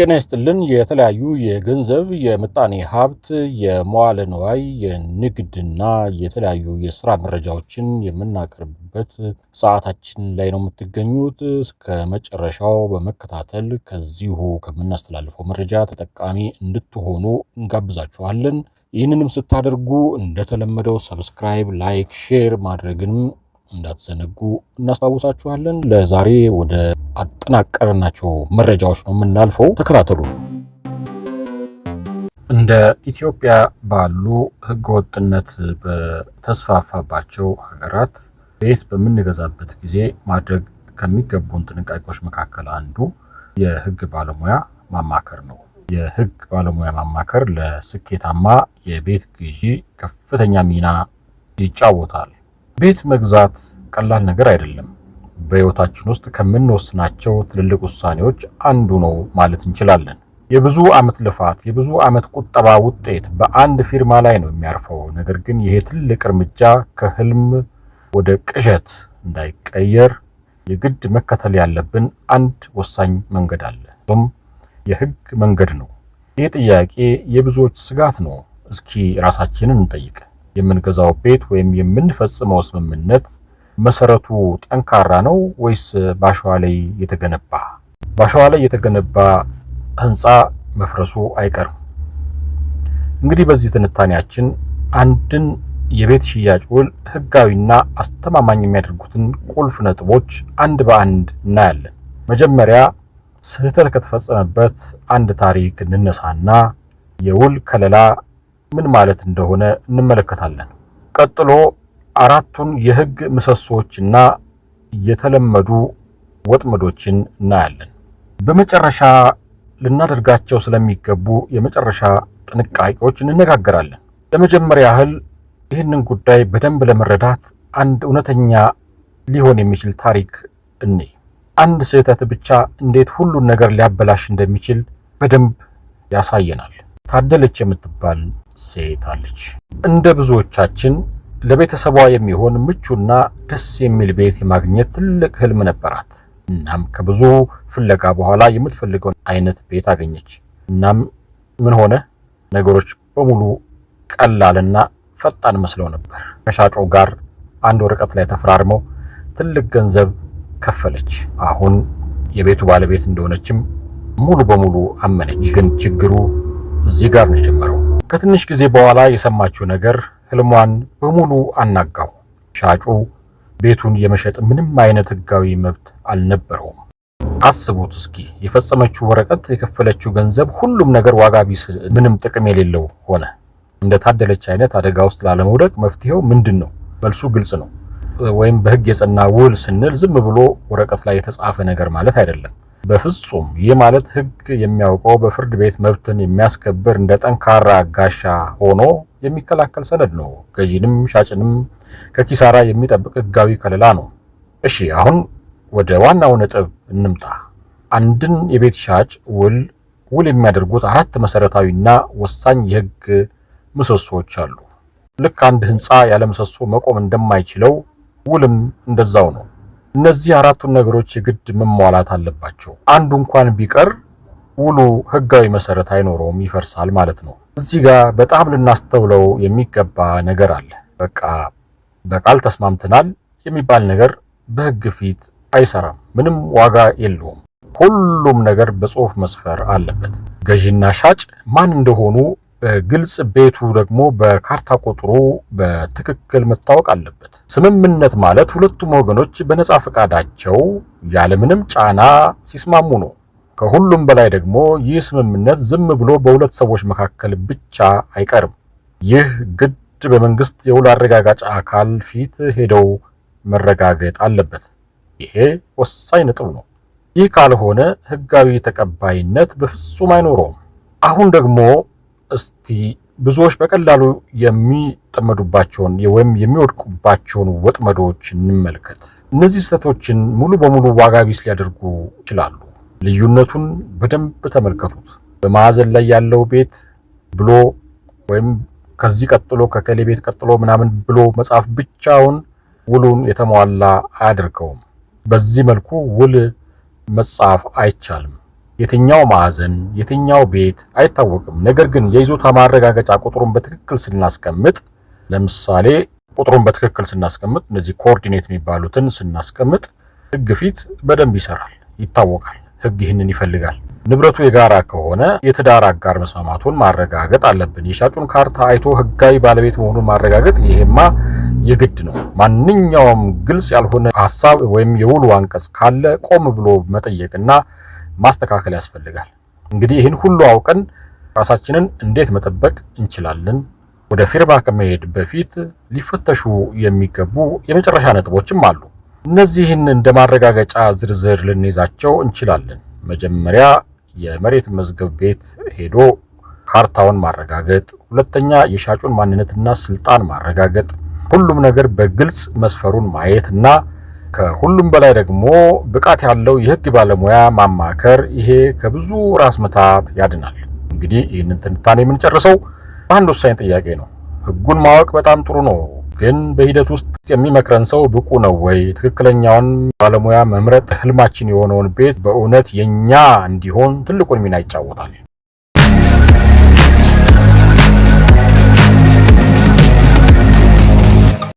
ጤና ይስጥልን። የተለያዩ የገንዘብ የምጣኔ ሀብት የመዋለ ንዋይ የንግድና የተለያዩ የስራ መረጃዎችን የምናቀርብበት ሰዓታችን ላይ ነው የምትገኙት። እስከ መጨረሻው በመከታተል ከዚሁ ከምናስተላልፈው መረጃ ተጠቃሚ እንድትሆኑ እንጋብዛችኋለን። ይህንንም ስታደርጉ እንደተለመደው ሰብስክራይብ፣ ላይክ፣ ሼር ማድረግንም እንዳትዘነጉ እናስታውሳችኋለን። ለዛሬ ወደ አጠናቀርናቸው መረጃዎች ነው የምናልፈው። ተከታተሉ። እንደ ኢትዮጵያ ባሉ ህገወጥነት በተስፋፋባቸው ሀገራት ቤት በምንገዛበት ጊዜ ማድረግ ከሚገቡን ጥንቃቄዎች መካከል አንዱ የህግ ባለሙያ ማማከር ነው። የህግ ባለሙያ ማማከር ለስኬታማ የቤት ግዢ ከፍተኛ ሚና ይጫወታል። ቤት መግዛት ቀላል ነገር አይደለም። በህይወታችን ውስጥ ከምንወስናቸው ትልልቅ ውሳኔዎች አንዱ ነው ማለት እንችላለን። የብዙ ዓመት ልፋት፣ የብዙ ዓመት ቁጠባ ውጤት በአንድ ፊርማ ላይ ነው የሚያርፈው። ነገር ግን ይሄ ትልቅ እርምጃ ከህልም ወደ ቅዠት እንዳይቀየር የግድ መከተል ያለብን አንድ ወሳኝ መንገድ አለ። እሱም የህግ መንገድ ነው። ይህ ጥያቄ የብዙዎች ስጋት ነው። እስኪ ራሳችንን እንጠይቅ። የምንገዛው ቤት ወይም የምንፈጽመው ስምምነት መሰረቱ ጠንካራ ነው ወይስ በአሸዋ ላይ የተገነባ? በአሸዋ ላይ የተገነባ ህንፃ መፍረሱ አይቀርም። እንግዲህ በዚህ ትንታኔያችን አንድን የቤት ሽያጭ ውል ህጋዊና አስተማማኝ የሚያደርጉትን ቁልፍ ነጥቦች አንድ በአንድ እናያለን። መጀመሪያ ስህተት ከተፈጸመበት አንድ ታሪክ እንነሳና የውል ከለላ ምን ማለት እንደሆነ እንመለከታለን። ቀጥሎ አራቱን የህግ ምሰሶዎችና የተለመዱ ወጥመዶችን እናያለን። በመጨረሻ ልናደርጋቸው ስለሚገቡ የመጨረሻ ጥንቃቄዎች እንነጋገራለን። ለመጀመሪያ ያህል ይህንን ጉዳይ በደንብ ለመረዳት አንድ እውነተኛ ሊሆን የሚችል ታሪክ እኔ አንድ ስህተት ብቻ እንዴት ሁሉን ነገር ሊያበላሽ እንደሚችል በደንብ ያሳየናል። ታደለች የምትባል ሴት አለች። እንደ ብዙዎቻችን ለቤተሰቧ የሚሆን ምቹና ደስ የሚል ቤት የማግኘት ትልቅ ህልም ነበራት። እናም ከብዙ ፍለጋ በኋላ የምትፈልገውን አይነት ቤት አገኘች። እናም ምን ሆነ? ነገሮች በሙሉ ቀላልና ፈጣን መስለው ነበር። ከሻጮ ጋር አንድ ወረቀት ላይ ተፈራርመው ትልቅ ገንዘብ ከፈለች። አሁን የቤቱ ባለቤት እንደሆነችም ሙሉ በሙሉ አመነች። ግን ችግሩ እዚህ ጋር ነው የጀመረው። ከትንሽ ጊዜ በኋላ የሰማችው ነገር ህልሟን በሙሉ አናጋው። ሻጩ ቤቱን የመሸጥ ምንም አይነት ህጋዊ መብት አልነበረውም። አስቡት እስኪ የፈጸመችው ወረቀት፣ የከፈለችው ገንዘብ፣ ሁሉም ነገር ዋጋ ቢስ፣ ምንም ጥቅም የሌለው ሆነ። እንደ ታደለች አይነት አደጋ ውስጥ ላለመውደቅ መፍትሄው ምንድን ነው? መልሱ ግልጽ ነው። ወይም በህግ የጸና ውል ስንል ዝም ብሎ ወረቀት ላይ የተጻፈ ነገር ማለት አይደለም። በፍጹም ይህ ማለት ህግ የሚያውቀው በፍርድ ቤት መብትን የሚያስከብር እንደ ጠንካራ ጋሻ ሆኖ የሚከላከል ሰነድ ነው። ገዢንም ሻጭንም ከኪሳራ የሚጠብቅ ህጋዊ ከለላ ነው። እሺ አሁን ወደ ዋናው ነጥብ እንምጣ። አንድን የቤት ሻጭ ውል ውል የሚያደርጉት አራት መሰረታዊና ወሳኝ የህግ ምሰሶዎች አሉ። ልክ አንድ ህንፃ ያለ ምሰሶ መቆም እንደማይችለው ውልም እንደዛው ነው። እነዚህ አራቱን ነገሮች የግድ መሟላት አለባቸው። አንዱ እንኳን ቢቀር ውሉ ህጋዊ መሰረት አይኖረውም፣ ይፈርሳል ማለት ነው። እዚህ ጋር በጣም ልናስተውለው የሚገባ ነገር አለ። በቃ በቃል ተስማምተናል የሚባል ነገር በህግ ፊት አይሰራም፣ ምንም ዋጋ የለውም። ሁሉም ነገር በጽሁፍ መስፈር አለበት። ገዢና ሻጭ ማን እንደሆኑ በግልጽ ቤቱ ደግሞ በካርታ ቁጥሩ በትክክል መታወቅ አለበት። ስምምነት ማለት ሁለቱም ወገኖች በነጻ ፈቃዳቸው ያለምንም ጫና ሲስማሙ ነው። ከሁሉም በላይ ደግሞ ይህ ስምምነት ዝም ብሎ በሁለት ሰዎች መካከል ብቻ አይቀርም። ይህ ግድ በመንግስት የውል አረጋጋጭ አካል ፊት ሄደው መረጋገጥ አለበት። ይሄ ወሳኝ ነጥብ ነው። ይህ ካልሆነ ህጋዊ ተቀባይነት በፍጹም አይኖረውም። አሁን ደግሞ እስቲ ብዙዎች በቀላሉ የሚጠመዱባቸውን ወይም የሚወድቁባቸውን ወጥመዶች እንመልከት። እነዚህ ስህተቶችን ሙሉ በሙሉ ዋጋ ቢስ ሊያደርጉ ይችላሉ። ልዩነቱን በደንብ ተመልከቱት። በማዕዘን ላይ ያለው ቤት ብሎ ወይም ከዚህ ቀጥሎ ከከሌ ቤት ቀጥሎ ምናምን ብሎ መጽሐፍ ብቻውን ውሉን የተሟላ አያደርገውም። በዚህ መልኩ ውል መጻፍ አይቻልም። የትኛው ማዕዘን የትኛው ቤት አይታወቅም። ነገር ግን የይዞታ ማረጋገጫ ቁጥሩን በትክክል ስናስቀምጥ ለምሳሌ ቁጥሩን በትክክል ስናስቀምጥ እነዚህ ኮኦርዲኔት የሚባሉትን ስናስቀምጥ ህግ ፊት በደንብ ይሰራል፣ ይታወቃል። ህግ ይህንን ይፈልጋል። ንብረቱ የጋራ ከሆነ የትዳር አጋር መስማማቱን ማረጋገጥ አለብን። የሻጩን ካርታ አይቶ ህጋዊ ባለቤት መሆኑን ማረጋገጥ ይሄማ የግድ ነው። ማንኛውም ግልጽ ያልሆነ ሀሳብ ወይም የውሉ አንቀጽ ካለ ቆም ብሎ መጠየቅና ማስተካከል ያስፈልጋል። እንግዲህ ይህን ሁሉ አውቀን ራሳችንን እንዴት መጠበቅ እንችላለን? ወደ ፊርማ ከመሄድ በፊት ሊፈተሹ የሚገቡ የመጨረሻ ነጥቦችም አሉ። እነዚህን እንደ ማረጋገጫ ዝርዝር ልንይዛቸው እንችላለን። መጀመሪያ የመሬት መዝገብ ቤት ሄዶ ካርታውን ማረጋገጥ፣ ሁለተኛ የሻጩን ማንነትና ስልጣን ማረጋገጥ፣ ሁሉም ነገር በግልጽ መስፈሩን ማየት እና ከሁሉም በላይ ደግሞ ብቃት ያለው የህግ ባለሙያ ማማከር፣ ይሄ ከብዙ ራስ ምታት ያድናል። እንግዲህ ይህንን ትንታኔ የምንጨርሰው በአንድ ወሳኝ ጥያቄ ነው። ህጉን ማወቅ በጣም ጥሩ ነው፣ ግን በሂደት ውስጥ የሚመክረን ሰው ብቁ ነው ወይ? ትክክለኛውን ባለሙያ መምረጥ ህልማችን የሆነውን ቤት በእውነት የኛ እንዲሆን ትልቁን ሚና ይጫወታል።